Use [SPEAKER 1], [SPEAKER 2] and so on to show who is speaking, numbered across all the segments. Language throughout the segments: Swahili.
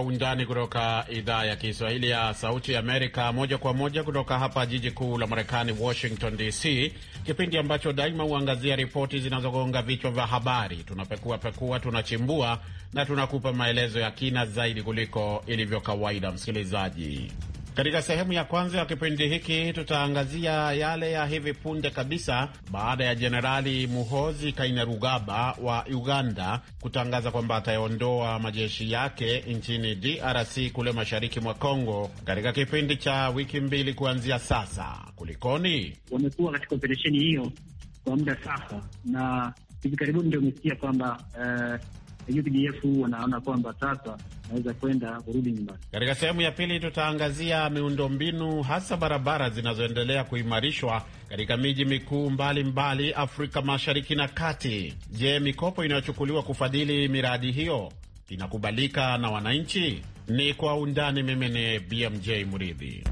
[SPEAKER 1] Undani kutoka idhaa ya Kiswahili ya Sauti Amerika, moja kwa moja kutoka hapa jiji kuu la Marekani, Washington DC, kipindi ambacho daima huangazia ripoti zinazogonga vichwa vya habari. Tunapekua pekua, tunachimbua na tunakupa maelezo ya kina zaidi kuliko ilivyo kawaida, msikilizaji. Katika sehemu ya kwanza ya kipindi hiki tutaangazia yale ya hivi punde kabisa baada ya Jenerali Muhozi Kainerugaba wa Uganda kutangaza kwamba ataondoa majeshi yake nchini DRC kule mashariki mwa congo katika kipindi cha wiki mbili kuanzia sasa. Kulikoni?
[SPEAKER 2] Wamekuwa katika operesheni hiyo kwa muda sasa, na hivi karibuni ndio umesikia kwamba uh, UPDF wanaona kwamba sasa naweza kwenda kurudi nyumbani.
[SPEAKER 1] Katika sehemu ya pili tutaangazia miundombinu hasa barabara zinazoendelea kuimarishwa katika miji mikuu mbalimbali Afrika Mashariki na Kati. Je, mikopo inayochukuliwa kufadhili miradi hiyo inakubalika na wananchi? Ni kwa undani. Mimi ni BMJ Muridhi.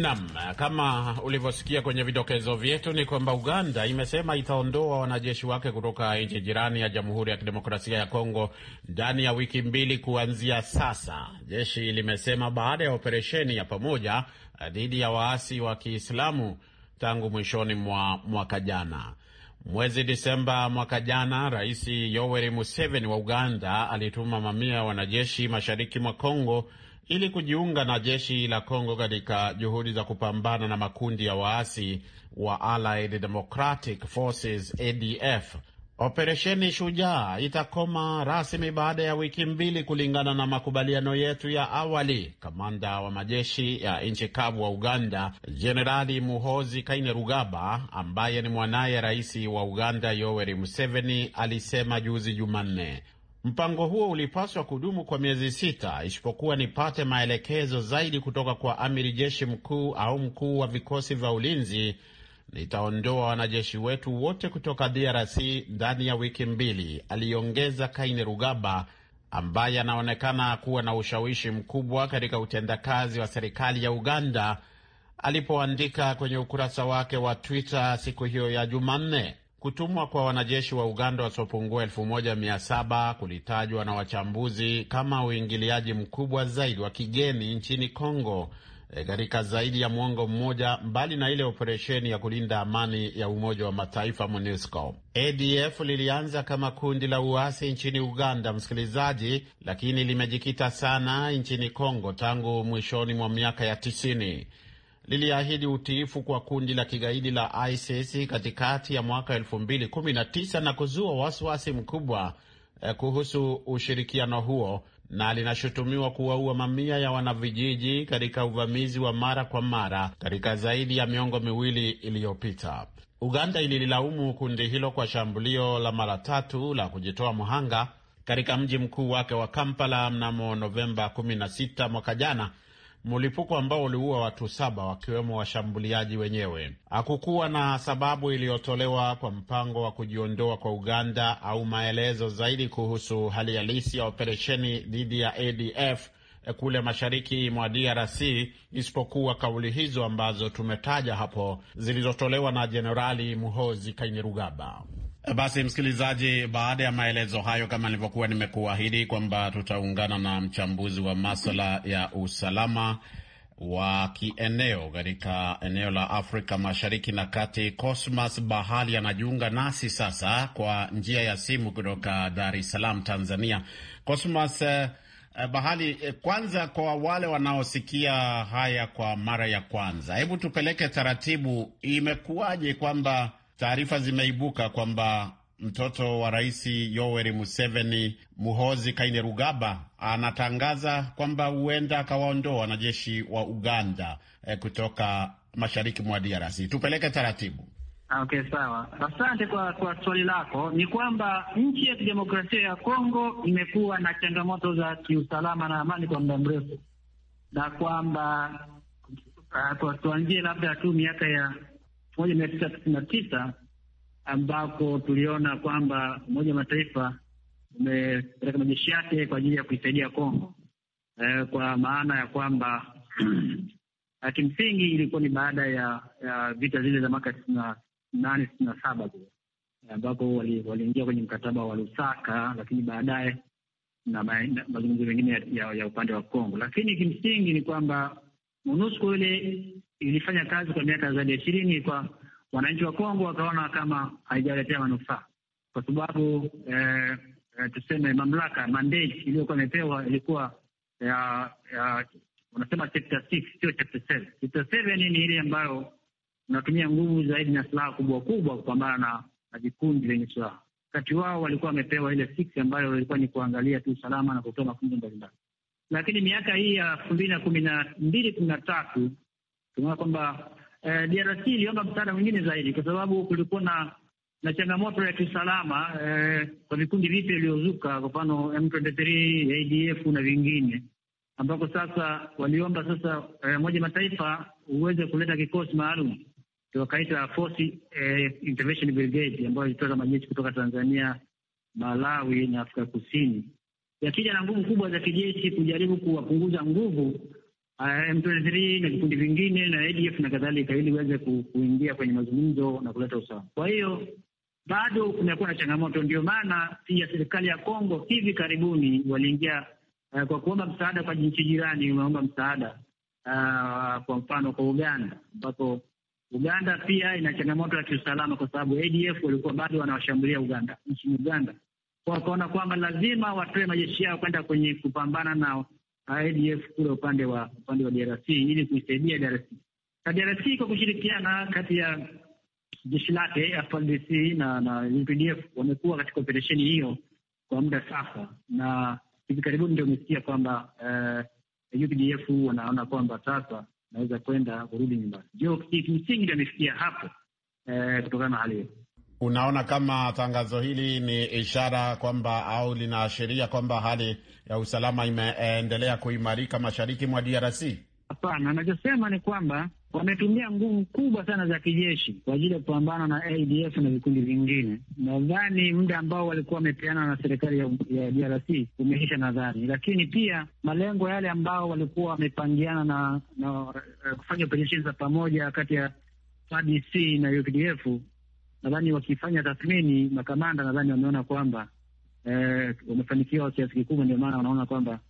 [SPEAKER 1] Nam, kama ulivyosikia kwenye vidokezo vyetu ni kwamba Uganda imesema itaondoa wanajeshi wake kutoka nchi jirani ya Jamhuri ya Kidemokrasia ya Kongo ndani ya wiki mbili kuanzia sasa, jeshi limesema baada ya operesheni ya pamoja eh, dhidi ya waasi wa Kiislamu tangu mwishoni mwa mwaka jana. Mwezi Disemba mwaka jana, Rais Yoweri Museveni wa Uganda alituma mamia ya wanajeshi mashariki mwa Kongo ili kujiunga na jeshi la congo katika juhudi za kupambana na makundi ya waasi wa Allied Democratic Forces ADF. Operesheni Shujaa itakoma rasmi baada ya wiki mbili kulingana na makubaliano yetu ya awali. Kamanda wa majeshi ya nchi kavu wa Uganda, Jenerali Muhozi Kainerugaba, ambaye ni mwanaye rais wa Uganda Yoweri Museveni, alisema juzi Jumanne. Mpango huo ulipaswa kudumu kwa miezi sita, isipokuwa nipate maelekezo zaidi kutoka kwa amiri jeshi mkuu au mkuu wa vikosi vya ulinzi, nitaondoa wanajeshi wetu wote kutoka DRC ndani ya wiki mbili, aliongeza rugaba ambaye anaonekana kuwa na ushawishi mkubwa katika utendakazi wa serikali ya Uganda alipoandika kwenye ukurasa wake wa Twitter siku hiyo ya Jumanne. Kutumwa kwa wanajeshi wa Uganda wasiopungua 17 kulitajwa na wachambuzi kama uingiliaji mkubwa zaidi wa kigeni nchini congo eh, katika e, zaidi ya mwongo mmoja, mbali na ile operesheni ya kulinda amani ya Umoja wa Mataifa MONUSCO. ADF lilianza kama kundi la uasi nchini Uganda, msikilizaji, lakini limejikita sana nchini congo tangu mwishoni mwa miaka ya 90 liliahidi utiifu kwa kundi la kigaidi la ISIS katikati ya mwaka 2019 na kuzua wasiwasi mkubwa eh, kuhusu ushirikiano huo na linashutumiwa kuwaua mamia ya wanavijiji katika uvamizi wa mara kwa mara katika zaidi ya miongo miwili iliyopita. Uganda ililaumu kundi hilo kwa shambulio la mara tatu la kujitoa mhanga katika mji mkuu wake wa Kampala mnamo Novemba 16 mwaka jana mlipuko ambao uliua watu saba wakiwemo washambuliaji wenyewe. Hakukuwa na sababu iliyotolewa kwa mpango wa kujiondoa kwa Uganda au maelezo zaidi kuhusu hali halisi ya operesheni dhidi ya ADF eh, kule mashariki mwa DRC isipokuwa kauli hizo ambazo tumetaja hapo zilizotolewa na Jenerali Muhozi Kainerugaba. Eh, basi msikilizaji, baada ya maelezo hayo, kama nilivyokuwa nimekuahidi kwamba tutaungana na mchambuzi wa masala ya usalama wa kieneo katika eneo la Afrika Mashariki na Kati, Cosmas Bahali anajiunga nasi sasa kwa njia ya simu kutoka Dar es Salaam, Tanzania. Cosmas eh, Bahali, eh, kwanza kwa wale wanaosikia haya kwa mara ya kwanza, hebu tupeleke taratibu, imekuwaje kwamba Taarifa zimeibuka kwamba mtoto wa Rais Yoweri Museveni, Muhozi Kainerugaba, anatangaza kwamba huenda akawaondoa wanajeshi wa Uganda eh, kutoka mashariki mwa DRC. Tupeleke taratibu.
[SPEAKER 2] Okay, sawa. Asante kwa kwa swali lako. Ni kwamba nchi ya kidemokrasia ya Kongo imekuwa na changamoto za kiusalama na amani kwa muda mrefu, na kwamba uh, tuanzie labda tu miaka ya moja mia tisa tisini na tisa ambako tuliona kwamba Umoja wa Mataifa umepeleka majeshi yake kwa ajili ya kuisaidia Kongo eh, kwa maana ya kwamba kimsingi ilikuwa ni baada ya, ya vita zile za mwaka tisini na nane tisini na saba ambapo waliingia wali kwenye mkataba wa Lusaka, lakini baadaye na mazungumzo mengine ya, ya, ya upande wa Kongo. Lakini kimsingi ni kwamba MONUSCO ile ilifanya kazi kwa miaka zaidi ya ishirini kwa wananchi wa Kongo, wakaona kama haijaletea manufaa kwa sababu eh, eh tuseme mamlaka mandate iliyokuwa imepewa ilikuwa ya, ya unasema chapter six, sio chapter seven. Chapter seven ni ile ambayo unatumia nguvu zaidi na silaha kubwa kubwa kupambana na na vikundi vyenye silaha. Kati wao walikuwa wamepewa ile six ambayo ilikuwa ni kuangalia tu usalama na kutoa mafunzo mbalimbali, lakini miaka hii ya elfu mbili na kumi na mbili kumi na tatu tumeona kwamba eh, DRC iliomba msaada mwingine zaidi, kwa sababu kulikuwa na na changamoto ya kiusalama eh, kwa vikundi vipya vilivyozuka, kwa mfano M23, ADF na vingine, ambako sasa waliomba sasa eh, moja mataifa uweze kuleta kikosi maalum wakaita Force eh, Intervention Brigade ambayo ilitoka majeshi kutoka Tanzania, Malawi na Afrika Kusini, yakija na nguvu kubwa za kijeshi kujaribu kuwapunguza nguvu Ah, M23 na vikundi vingine na ADF na kadhalika, ili iweze kuingia kwenye mazungumzo na kuleta usawa. Kwa hiyo bado kumekuwa na changamoto, ndio maana pia serikali ya Kongo hivi karibuni waliingia uh, kwa kuomba msaada kwa nchi jirani, wameomba msaada uh, kwa mfano kwa Uganda, ambapo Uganda pia ina changamoto ya kiusalama, kwa sababu ADF walikuwa bado wanawashambulia Uganda, nchini Uganda, kwa wakaona kwamba lazima watoe majeshi yao kwenda kwenye kupambana nao ADF kule upande wa upande wa DRC ili kuisaidia DRC na DRC kwa kushirikiana kati ya jeshi lake FARDC na na UPDF wamekuwa katika operesheni hiyo kwa muda sasa, na hivi karibuni ndio umesikia kwamba uh, eh, UPDF wanaona kwamba sasa naweza kwenda kurudi nyumbani. Ndio kimsingi ndio amefikia hapo uh, kutokana na hali hiyo. Unaona kama tangazo
[SPEAKER 1] hili ni ishara kwamba au linaashiria kwamba hali ya usalama imeendelea kuimarika mashariki mwa DRC?
[SPEAKER 2] Hapana, anachosema ni kwamba wametumia nguvu kubwa sana za kijeshi kwa ajili ya kupambana na ADF na vikundi vingine. Nadhani muda ambao walikuwa wamepeana na serikali ya, ya DRC umeisha nadhani, lakini pia malengo yale ambao walikuwa wamepangiana na, na eh, kufanya operesheni za pamoja kati ya FARDC na UPDF nadhani wakifanya tathmini makamanda, nadhani wameona kwamba eh, wamefanikiwa kiasi kikubwa, ndio maana wanaona kwamba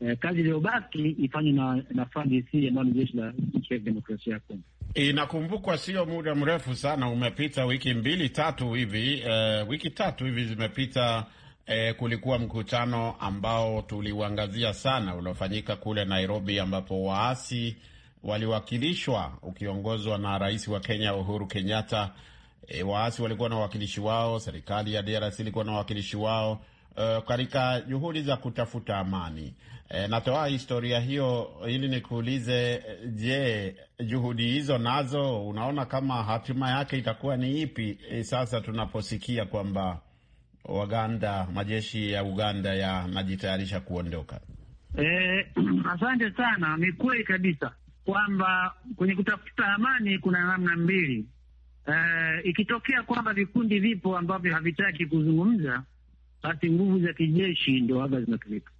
[SPEAKER 2] eh, kazi iliyobaki ifanywe na, na FARDC ambayo ni jeshi la nchi ya demokrasia ya Kongo.
[SPEAKER 1] Inakumbukwa sio muda mrefu sana umepita, wiki mbili tatu hivi eh, wiki tatu hivi zimepita. Eh, kulikuwa mkutano ambao tuliuangazia sana uliofanyika kule Nairobi, ambapo waasi waliwakilishwa ukiongozwa na rais wa Kenya Uhuru Kenyatta E, waasi walikuwa na wawakilishi wao, serikali ya DRC ilikuwa na wawakilishi wao Uh, katika juhudi za kutafuta amani. E, natoa historia hiyo ili nikuulize, je, juhudi hizo nazo unaona kama hatima yake itakuwa ni ipi? E, sasa tunaposikia kwamba Waganda, majeshi ya Uganda yanajitayarisha kuondoka.
[SPEAKER 2] E, asante sana. Ni kweli kabisa kwamba kwenye kutafuta amani kuna namna mbili Uh, ikitokea kwamba vikundi vipo ambavyo havitaki kuzungumza, basi nguvu za kijeshi ndio hapa zinatumika.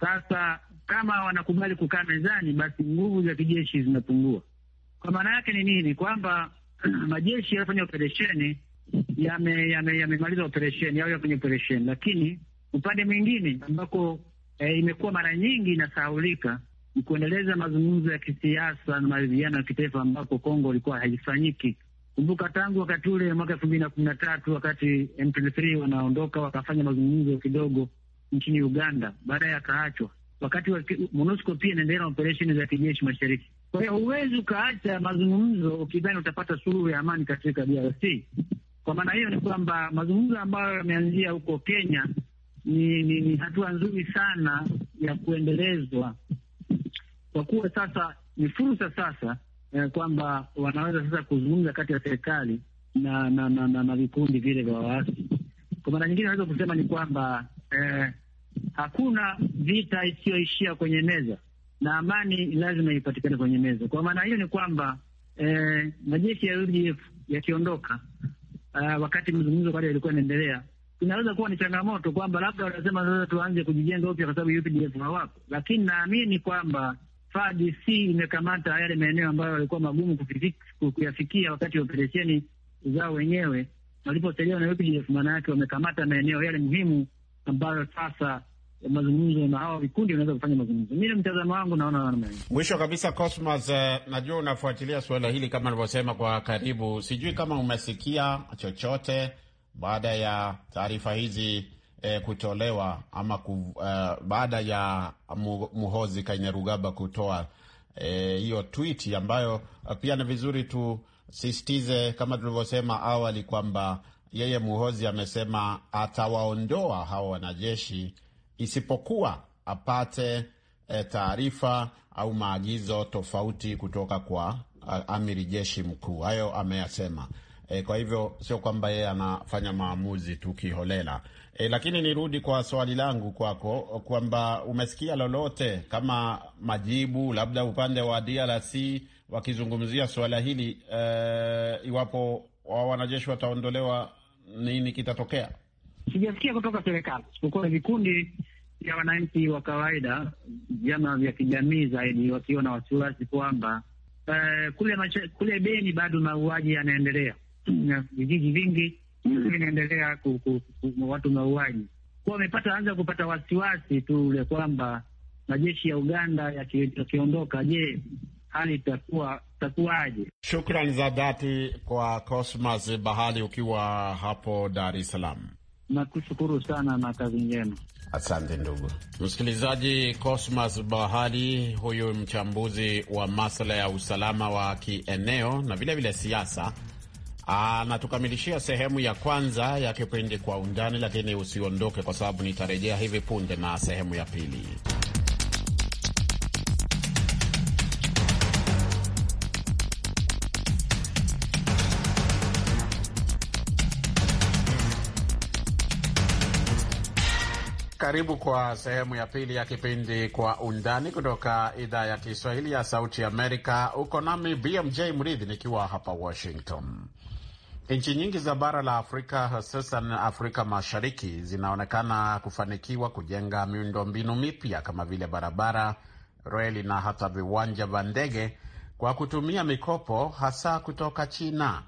[SPEAKER 2] Sasa kama wanakubali kukaa mezani, basi nguvu za kijeshi zinapungua. Kwa maana yake ni nini? Kwamba majeshi yanafanya operesheni, yamemaliza yame operesheni au yafanya operesheni, lakini upande mwingine ambako e, imekuwa mara nyingi inasahaulika ni kuendeleza mazungumzo ya kisiasa na maridhiano ya kitaifa, ambapo Kongo ilikuwa haifanyiki Kumbuka tangu wakati ule mwaka elfu mbili na kumi na tatu wakati M23 wanaondoka wakafanya mazungumzo kidogo nchini Uganda, baadaye yakaachwa wakati wa MONUSCO pia inaendelea na operesheni za kijeshi mashariki. Kwa hiyo huwezi ukaacha mazungumzo ukidhani utapata suluhu ya amani katika DRC. Kwa maana hiyo ni kwamba mazungumzo ambayo yameanzia huko Kenya ni, ni, ni hatua nzuri sana ya kuendelezwa, kwa kuwa sasa ni fursa sasa eh, kwamba wanaweza sasa kuzungumza kati ya serikali na na, na, na, na vikundi vile vya waasi. Kwa mara nyingine naweza kusema ni kwamba eh, hakuna vita isiyoishia kwenye meza na amani lazima ipatikane kwenye meza. Kwa maana hiyo ni kwamba eh, majeshi ya UDF yakiondoka, uh, wakati mzungumzo bado yalikuwa inaendelea, inaweza kuwa ni changamoto kwamba labda wanasema sasa tuanze kujijenga upya kwa sababu UDF hawako, lakini naamini kwamba FARDC imekamata yale maeneo ambayo walikuwa magumu kuyafikia wakati wa operesheni zao wenyewe waliposaidiwa na UPDF. Maana yake wamekamata maeneo yale muhimu ambayo sasa mazungumzo na hawa vikundi wanaweza kufanya mazungumzo. mtazamo wangu naona
[SPEAKER 1] Mwisho kabisa, Cosmas, uh, najua unafuatilia suala hili kama livyosema kwa karibu. Sijui kama umesikia chochote baada ya taarifa hizi e, kutolewa ama ku, uh, baada ya Muhozi Kainerugaba kutoa eh, hiyo e, twiti ambayo pia ni vizuri tusisitize kama tulivyosema awali kwamba yeye Muhozi amesema atawaondoa hawa wanajeshi isipokuwa apate e, taarifa au maagizo tofauti kutoka kwa amiri jeshi mkuu. Hayo ameyasema. E, kwa hivyo sio kwamba yeye anafanya maamuzi tu kiholela. E, lakini nirudi kwa swali langu kwako kwamba umesikia lolote kama majibu labda upande wa DRC wakizungumzia suala hili e, iwapo wanajeshi wataondolewa, nini kitatokea?
[SPEAKER 2] Sijasikia kutoka serikali, uko vikundi vya wananchi wa kawaida, vyama vya kijamii zaidi, wakiwa na wasiwasi kwamba Uh, kule, kule Beni bado mauaji yanaendelea na vijiji vingi vinaendelea watu mauaji, kuwa wamepata anza kupata wasiwasi tu ule kwamba majeshi ya Uganda yakiondoka, je, hali itakuwa itakuwaje? Shukrani
[SPEAKER 1] za dhati kwa Cosmas Bahali ukiwa hapo Dar es Salaam. Nakushukuru sana na kazi njema, asante ndugu msikilizaji. Cosmas Bahali huyu mchambuzi wa masuala ya usalama wa kieneo na vilevile siasa Anatukamilishia ah, sehemu ya kwanza ya kipindi Kwa Undani, lakini usiondoke, kwa sababu nitarejea hivi punde na sehemu ya pili. Karibu kwa sehemu ya pili ya kipindi Kwa Undani kutoka idhaa ya Kiswahili ya Sauti Amerika. Uko nami BMJ Mridhi nikiwa hapa Washington. Nchi nyingi za bara la Afrika hususan Afrika Mashariki zinaonekana kufanikiwa kujenga miundombinu mipya kama vile barabara, reli na hata viwanja vya ndege kwa kutumia mikopo hasa kutoka China,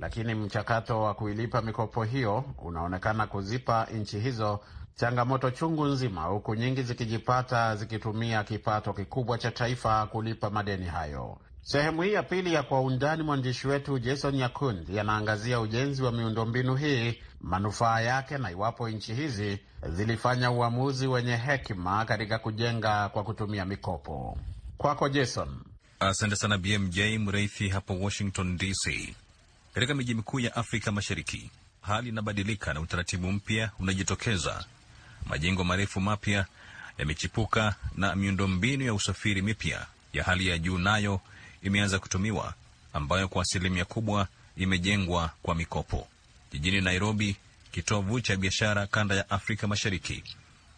[SPEAKER 1] lakini mchakato wa kuilipa mikopo hiyo unaonekana kuzipa nchi hizo changamoto chungu nzima, huku nyingi zikijipata zikitumia kipato kikubwa cha taifa kulipa madeni hayo. Sehemu hii ya pili ya Kwa Undani, mwandishi wetu Jason Nyakundi anaangazia ujenzi wa miundombinu hii, manufaa yake, na iwapo nchi hizi zilifanya uamuzi wenye hekima katika kujenga kwa kutumia mikopo. Kwako Jason.
[SPEAKER 3] Asante sana BMJ Mreithi hapo Washington DC. Katika miji mikuu ya Afrika Mashariki hali inabadilika na utaratibu mpya unajitokeza. Majengo marefu mapya yamechipuka na miundombinu ya usafiri mipya ya hali ya juu nayo imeanza kutumiwa ambayo kwa asilimia kubwa imejengwa kwa mikopo. Jijini Nairobi, kitovu cha biashara kanda ya Afrika Mashariki,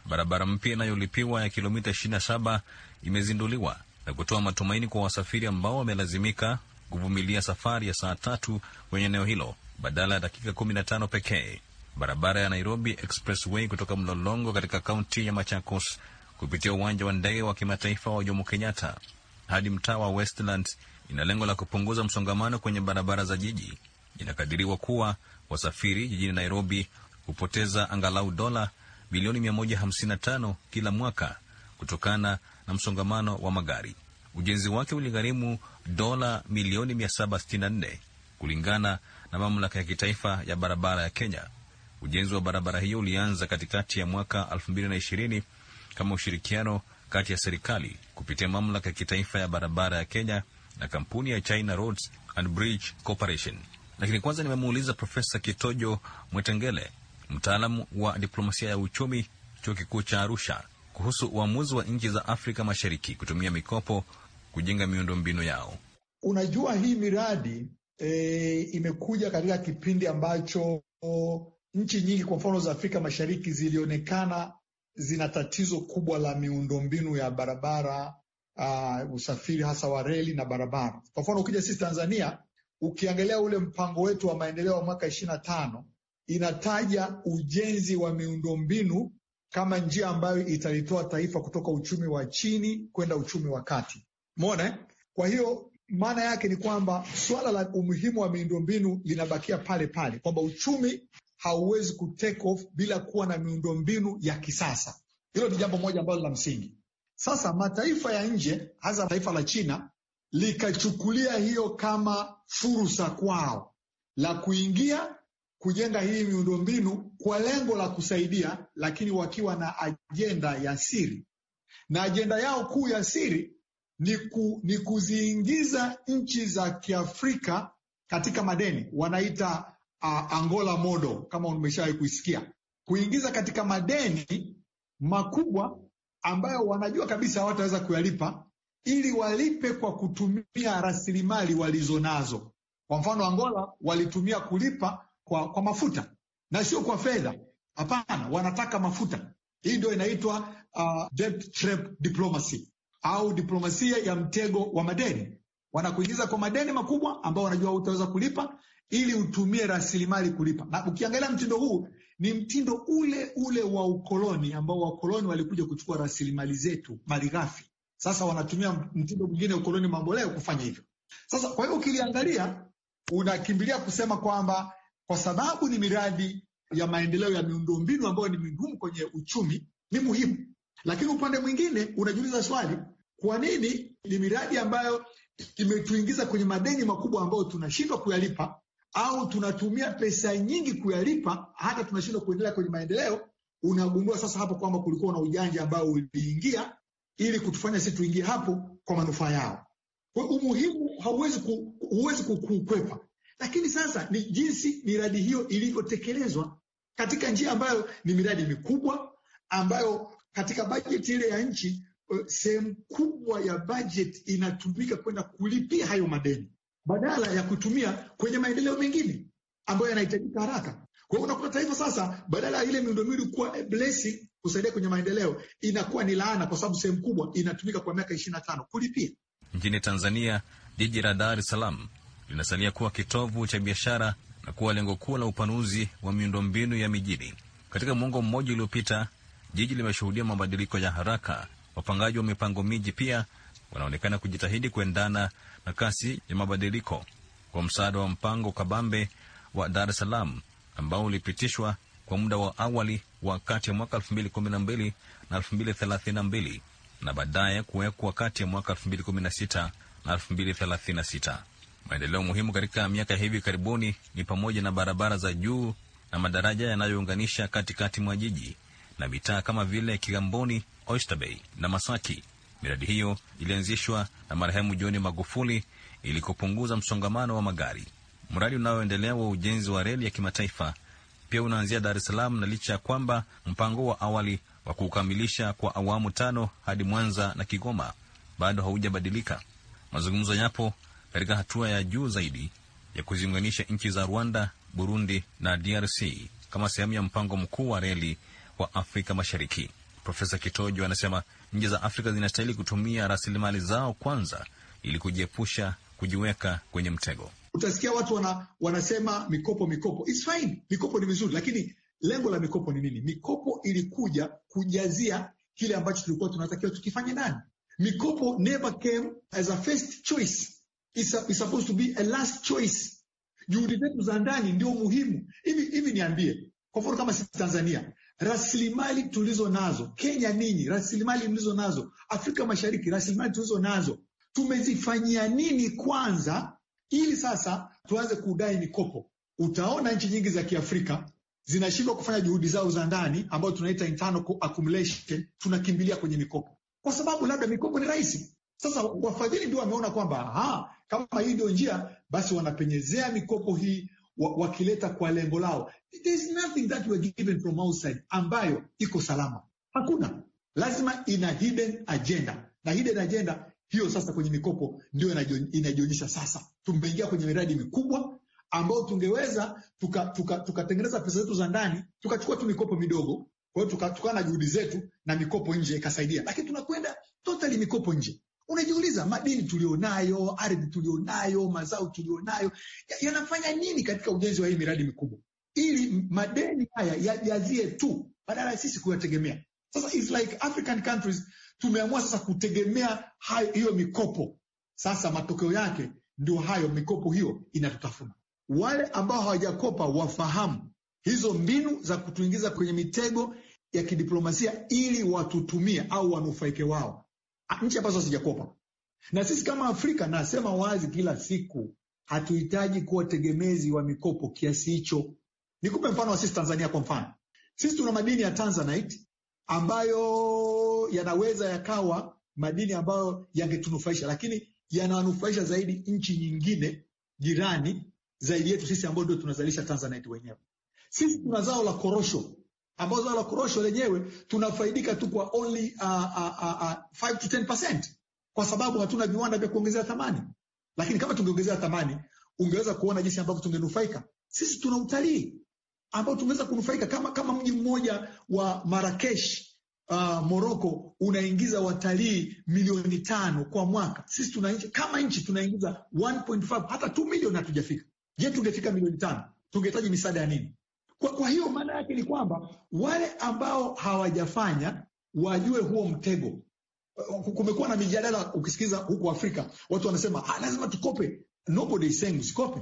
[SPEAKER 3] barabara mpya inayolipiwa ya kilomita 27 imezinduliwa na kutoa matumaini kwa wasafiri ambao wamelazimika kuvumilia safari ya saa tatu kwenye eneo hilo badala ya dakika 15 pekee. Barabara ya Nairobi Expressway kutoka Mlolongo katika kaunti ya Machakos kupitia uwanja wa ndege wa kimataifa wa Jomo Kenyatta hadi mtaa wa westland ina lengo la kupunguza msongamano kwenye barabara za jiji. Inakadiriwa kuwa wasafiri jijini Nairobi hupoteza angalau dola bilioni 155 kila mwaka kutokana na msongamano wa magari. Ujenzi wake uligharimu dola milioni 764 kulingana na mamlaka ya kitaifa ya barabara ya Kenya. Ujenzi wa barabara hiyo ulianza katikati ya mwaka 2020 kama ushirikiano kati ya serikali kupitia mamlaka ya kitaifa ya barabara ya Kenya na kampuni ya China Roads and Bridge Corporation. Lakini kwanza nimemuuliza Profesa Kitojo Mwetengele, mtaalamu wa diplomasia ya uchumi, chuo kikuu cha Arusha, kuhusu uamuzi wa nchi za Afrika Mashariki kutumia mikopo kujenga miundombinu yao.
[SPEAKER 4] Unajua, hii miradi e, imekuja katika kipindi ambacho nchi nyingi kwa mfano za Afrika Mashariki zilionekana zina tatizo kubwa la miundombinu ya barabara uh, usafiri hasa wa reli na barabara. Kwa mfano ukija sisi Tanzania, ukiangalia ule mpango wetu wa maendeleo wa mwaka ishirini na tano inataja ujenzi wa miundombinu kama njia ambayo italitoa taifa kutoka uchumi wa chini kwenda uchumi wa kati. mona eh? Kwa hiyo maana yake ni kwamba suala la umuhimu wa miundombinu linabakia pale pale, kwamba uchumi hauwezi ku take off bila kuwa na miundombinu ya kisasa. Hilo ni jambo moja ambalo la msingi. Sasa mataifa ya nje, hasa taifa la China likachukulia hiyo kama fursa kwao la kuingia kujenga hii miundombinu kwa lengo la kusaidia, lakini wakiwa na ajenda ya siri, na ajenda yao kuu ya siri ni, ku, ni kuziingiza nchi za Kiafrika katika madeni, wanaita uh, Angola modo kama umeshawahi kuisikia, kuingiza katika madeni makubwa ambayo wanajua kabisa hawataweza kuyalipa ili walipe kwa kutumia rasilimali walizonazo. Kwa mfano, Angola walitumia kulipa kwa, kwa mafuta na sio kwa fedha. Hapana, wanataka mafuta. Hii ndio inaitwa uh, debt trap diplomacy au diplomasia ya mtego wa madeni. Wanakuingiza kwa madeni makubwa ambayo wanajua hutaweza kulipa, ili utumie rasilimali kulipa. Na ukiangalia mtindo huu ni mtindo ule ule wa ukoloni ambao wakoloni walikuja kuchukua rasilimali zetu, mali ghafi. Sasa wanatumia mtindo mwingine ukoloni mamboleo kufanya hivyo. Sasa kwa hiyo ukiliangalia, unakimbilia kusema kwamba kwa sababu ni miradi ya maendeleo ya miundombinu ambayo ni migumu kwenye uchumi, ni muhimu, lakini upande mwingine unajiuliza swali, kwa nini ni miradi ambayo imetuingiza kwenye madeni makubwa ambayo tunashindwa kuyalipa au tunatumia pesa nyingi kuyalipa, hata tunashindwa kuendelea kwenye maendeleo. Unagundua sasa hapo kwamba kulikuwa na ujanja ambao uliingia ili kutufanya sisi tuingie hapo kwa manufaa yao. Kwa umuhimu hauwezi ku, huwezi kukwepa, lakini sasa ni jinsi miradi hiyo ilivyotekelezwa katika njia ambayo ni miradi mikubwa ambayo katika bajeti ile ya nchi eh, sehemu kubwa ya bajeti inatumika kwenda kulipia hayo madeni badala ya kutumia kwenye maendeleo mengine ambayo yanahitajika haraka. Kwa hiyo unakuta taifa sasa, badala ya ile miundombinu kuwa blessing kusaidia kwenye maendeleo, inakuwa ni laana, kwa sababu sehemu kubwa inatumika kwa miaka ishirini na tano kulipia.
[SPEAKER 3] Nchini Tanzania, jiji la Dar es Salaam linasalia kuwa kitovu cha biashara na kuwa lengo kuu la upanuzi wa miundombinu ya mijini. Katika mwongo mmoja uliopita, jiji limeshuhudia mabadiliko ya haraka. Wapangaji wa mipango miji pia wanaonekana kujitahidi kuendana na kasi ya mabadiliko kwa msaada wa mpango kabambe wa Dar es Salaam ambao ulipitishwa kwa muda wa awali wa kati ya mwaka 2012 na 2032 na baadaye kuwekwa kati ya mwaka 2016 na 2036. Maendeleo muhimu katika miaka hivi karibuni ni pamoja na barabara za juu na madaraja yanayounganisha katikati mwa jiji na mitaa kama vile Kigamboni, Oyster Bay na Masaki Miradi hiyo ilianzishwa na marehemu John Magufuli ili kupunguza msongamano wa magari. Mradi unaoendelea wa ujenzi wa reli ya kimataifa pia unaanzia Dar es Salaam, na licha ya kwamba mpango wa awali wa kukamilisha kwa awamu tano hadi Mwanza na Kigoma bado haujabadilika, mazungumzo yapo katika hatua ya juu zaidi ya kuziunganisha nchi za Rwanda, Burundi na DRC kama sehemu ya mpango mkuu wa reli wa Afrika Mashariki. Profesa Kitojo anasema nchi za Afrika zinastahili kutumia rasilimali zao kwanza ili kujiepusha kujiweka kwenye mtego.
[SPEAKER 4] Utasikia watu wana, wanasema mikopo mikopo, it's fine, mikopo ni vizuri, lakini lengo la mikopo ni nini? Mikopo ilikuja kujazia kile ambacho tulikuwa tunatakiwa tukifanye ndani. Mikopo never came as a first choice, it's, a, it's supposed to be a last choice. Juhudi zetu za ndani ndio muhimu. Hivi hivi niambie, kwa mfano kama sisi Tanzania rasilimali tulizo nazo Kenya, nini rasilimali mlizo nazo Afrika Mashariki, rasilimali tulizo nazo tumezifanyia nini kwanza, ili sasa tuanze kudai mikopo? Utaona nchi nyingi za Kiafrika zinashindwa kufanya juhudi zao za ndani, ambayo tunaita internal accumulation. Tunakimbilia kwenye mikopo kwa sababu labda mikopo ni rahisi. Sasa wafadhili ndio wameona kwamba kama hii ndio njia, basi wanapenyezea mikopo hii, wakileta kwa lengo lao. There is nothing that we given from outside ambayo iko salama, hakuna. Lazima ina hidden agenda, na hidden agenda hiyo sasa kwenye mikopo ndio inajionyesha sasa. Tumeingia kwenye miradi mikubwa ambayo tungeweza tukatengeneza tuka, tuka pesa zetu za ndani tukachukua tu mikopo midogo, kwa hiyo tukatokana na juhudi zetu na mikopo nje ikasaidia, lakini tunakwenda totally mikopo nje. Unajiuliza, madini tulionayo, ardhi tulionayo, mazao tulionayo yanafanya nini katika ujenzi wa hii miradi mikubwa, ili madeni haya yajazie tu badala ya sisi kuyategemea. Sasa it's like African countries tumeamua sasa kutegemea hayo, hiyo mikopo. Sasa matokeo yake ndio hayo, mikopo hiyo inatutafuna. Wale ambao hawajakopa wafahamu hizo mbinu za kutuingiza kwenye mitego ya kidiplomasia ili watutumie au wanufaike wao. Ah, nchi ambazo hazijakopa. Na sisi kama Afrika, nasema wazi kila siku, hatuhitaji kuwa tegemezi wa mikopo kiasi hicho. Nikupe mfano wa sisi Tanzania. Kwa mfano, sisi tuna madini ya Tanzanite ambayo yanaweza yakawa madini ambayo yangetunufaisha, lakini yanawanufaisha zaidi nchi nyingine jirani zaidi yetu sisi ambao ndio tunazalisha Tanzanite wenyewe. Sisi tuna zao la korosho ambazo wala korosho lenyewe tunafaidika tu kwa only uh, uh, uh, uh, 5 to 10% kwa sababu hatuna viwanda vya kuongezea thamani, lakini kama tungeongezea thamani ungeweza kuona jinsi ambavyo tungenufaika. Sisi tuna utalii ambao tungeweza kunufaika kama, kama mji mmoja wa Marakesh uh, Moroko unaingiza watalii milioni tano kwa mwaka. Sisi tuna inchi, kama nchi tunaingiza 1.5 hata 2 milioni hatujafika. Je, tungefika milioni tano tungehitaji misaada ya nini? Kwa, kwa hiyo maana yake ni kwamba wale ambao hawajafanya wajue huo mtego. Uh, kumekuwa na mijadala ukisikiza huku Afrika, watu wanasema ah, lazima tukope. Nobody is saying usikope,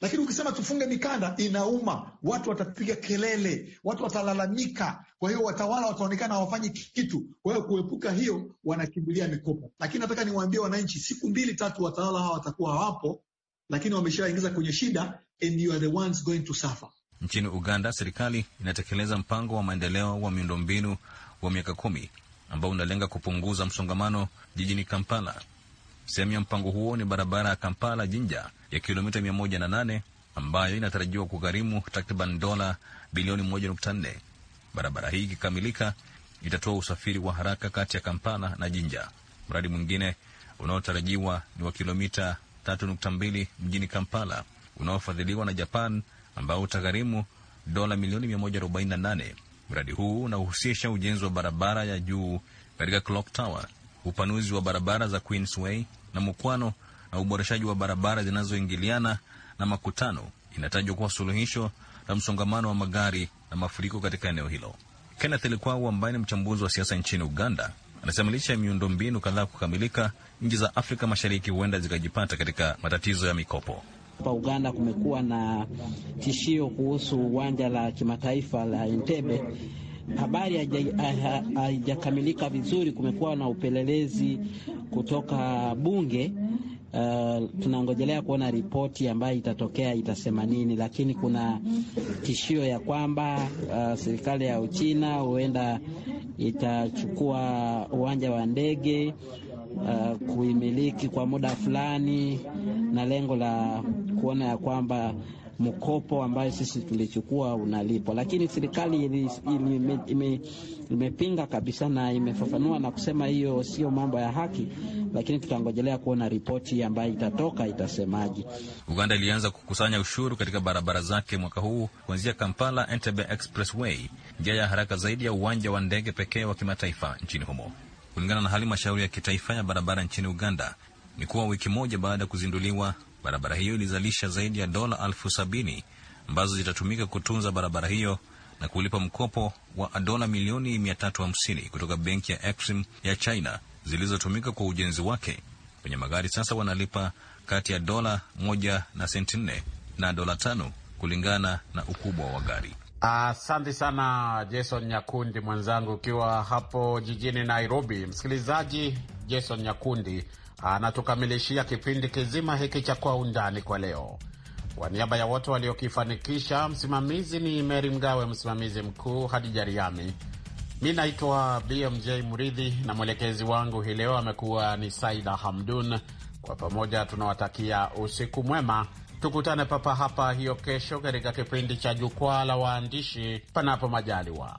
[SPEAKER 4] lakini ukisema tufunge mikanda inauma, watu watapiga kelele, watu watalalamika. Kwa hiyo watawala wataonekana hawafanyi kitu. Kwa hiyo kuepuka hiyo, wanakimbilia mikopo. Lakini nataka niwaambie wananchi, siku mbili tatu watawala hawa watakuwa hawapo, lakini wameshaingiza kwenye shida, and you are the ones going to suffer.
[SPEAKER 3] Nchini Uganda, serikali inatekeleza mpango wa maendeleo wa miundombinu wa miaka kumi ambao unalenga kupunguza msongamano jijini Kampala. Sehemu ya mpango huo ni barabara ya Kampala Jinja ya kilomita mia ambayo inatarajiwa kugharimu takriban dola bilioni 1.4. Barabara hii ikikamilika, itatoa usafiri wa haraka kati ya Kampala na Jinja. Mradi mwingine unaotarajiwa ni wa kilomita 32 mjini Kampala unaofadhiliwa na Japan ambao utagharimu dola milioni 148. Mradi huu unahusisha ujenzi wa barabara ya juu katika Clock Tower, upanuzi wa barabara za Queensway na mkwano na uboreshaji wa barabara zinazoingiliana na makutano. Inatajwa kuwa suluhisho la msongamano wa magari na mafuriko katika eneo hilo. Kenneth Likwau ambaye ni mchambuzi wa siasa nchini Uganda anasema licha ya miundombinu kadhaa kukamilika, nchi za Afrika Mashariki huenda zikajipata katika matatizo ya mikopo.
[SPEAKER 1] Hapa Uganda kumekuwa na tishio kuhusu uwanja la kimataifa la Entebbe. Habari haijakamilika vizuri, kumekuwa na upelelezi kutoka bunge. Uh, tunangojelea kuona ripoti ambayo itatokea itasema nini, lakini kuna tishio ya kwamba uh, serikali ya Uchina huenda itachukua uwanja wa ndege uh, kuimiliki kwa muda fulani na lengo la kuona ya kwamba mkopo ambayo sisi tulichukua unalipwa, lakini serikali imepinga ime, ime kabisa na imefafanua na kusema hiyo sio mambo ya
[SPEAKER 2] haki, lakini tutangojelea kuona ripoti ambayo itatoka itasemaje.
[SPEAKER 3] Uganda ilianza kukusanya ushuru katika barabara zake mwaka huu kuanzia Kampala Entebbe Expressway, njia ya haraka zaidi ya uwanja wa ndege pekee wa kimataifa nchini humo. Kulingana na halmashauri ya kitaifa ya barabara nchini Uganda, ni kuwa wiki moja baada ya kuzinduliwa Barabara hiyo ilizalisha zaidi ya dola elfu sabini ambazo zitatumika kutunza barabara hiyo na kulipa mkopo wa dola milioni 350 kutoka benki ya Exim ya China zilizotumika kwa ujenzi wake. Wenye magari sasa wanalipa kati ya dola moja na senti nne na dola tano kulingana na ukubwa wa gari.
[SPEAKER 1] Asante uh, sana Jason Nyakundi mwenzangu, ukiwa hapo jijini Nairobi. Msikilizaji, Jason Nyakundi anatukamilishia kipindi kizima hiki cha Kwa Undani kwa leo. Kwa niaba ya wote waliokifanikisha, msimamizi ni Meri Mgawe, msimamizi mkuu Hadija Riami. Mi naitwa BMJ Muridhi na mwelekezi wangu hii leo amekuwa ni Saida Hamdun. Kwa pamoja tunawatakia usiku mwema, tukutane papa hapa hiyo kesho katika kipindi cha Jukwaa la Waandishi, panapo majaliwa.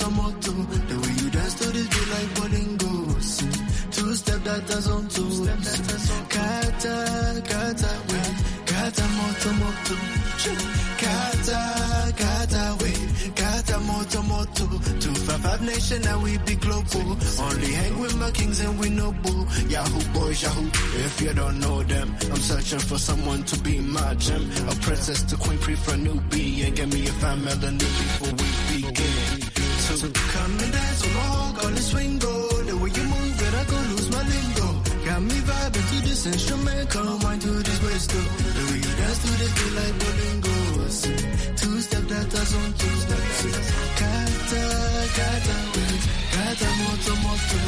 [SPEAKER 5] too. The way you dance to this beat like Bolingo. Two step that does on two. Kata, kata, wait. Kata moto moto. Kata, kata, wait. Kata moto moto. Two five five nation and we be global. Only hang with my kings and we noble. Yahoo boys, Yahoo. If you don't know them, I'm searching for someone to be my gem. A princess to queen, pre for newbie. And give me a family before we come and dance on my hog call it swing, go. The way you move it, I could lose my lingo. Got me vibing to this instrument, come on to this whistle. The way you dance to this beat like Bolingo. Two step that does on two step. Kata, kata, wait. Kata, moto, moto.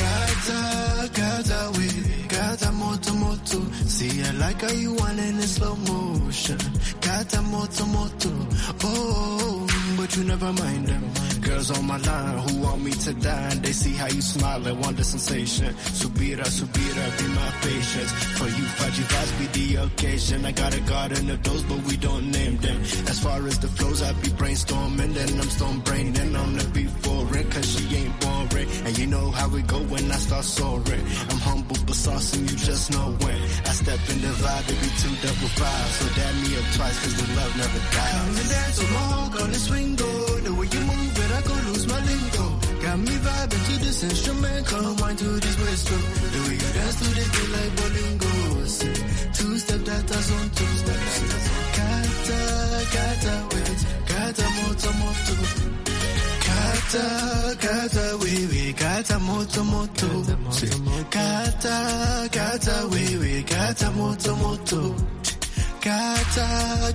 [SPEAKER 5] Kata, kata, wait. Kata, moto, moto. See, I like how you want it in slow motion. Kata, moto, moto. oh. oh, oh but you never mind them. Girls on my line who want me to die. They see how you smile and want the sensation. Subira, subira, be my patience. For you, Faji vibes be the occasion. I got a garden of those, but we don't name them. As far as the flows, I be brainstorming. Then I'm stone brain, then I'm the beat it, Cause she ain't boring. And you know how it go when I start soaring. I'm humble but saucy, you just know when. I step in the vibe, it be two double five. So dab me up twice, cause the love never dies. Come and dance along on the swing lingo. The way you move it, I could lose my lingo. Got me vibing to this instrumental. Wine to this whistle. The way you dance to this beat like bolingo. Two step that does on two step. Kata, kata, wait. Kata, moto, moto. Kata, kata, we, we. Kata, moto, moto. Kata, kata, we, we. Kata, moto, moto. Kata,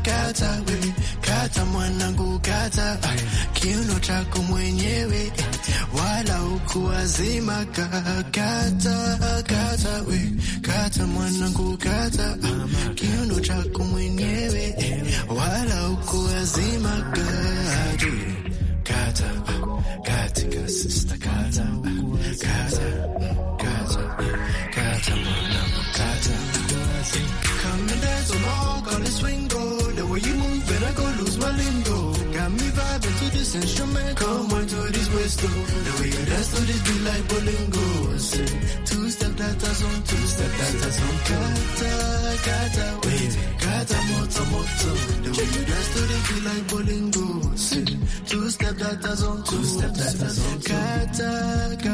[SPEAKER 5] kata we, kata mwanangu, kata ah, kiuno chako mwenyewe, wala ukuwazima. Kata, kata we, kata mwanangu, kata ah, kiuno chako mwenyewe, wala ukuwazima. Kata, katika sister, kata, kata, kata, kata mwanangu, kata dancing. Come and dance on all, call it swingo. The way you move and I go lose my lingo. Got me vibing to this instrument. Come on to this whistle. The way you dance to this beat like bolingo. two step that I on, two step that I on. Kata, kata, wait, kata moto moto. The way you dance to this beat like bolingo. two step that I on, two step that I on. Kata,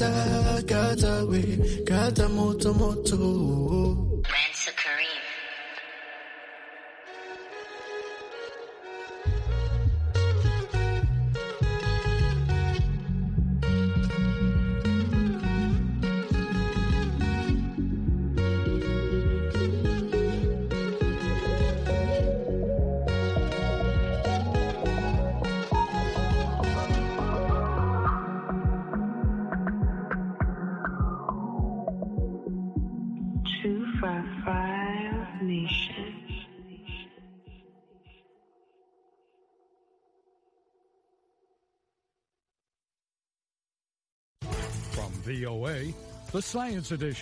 [SPEAKER 5] kata kata we kata moto moto VOA, the Science Edition.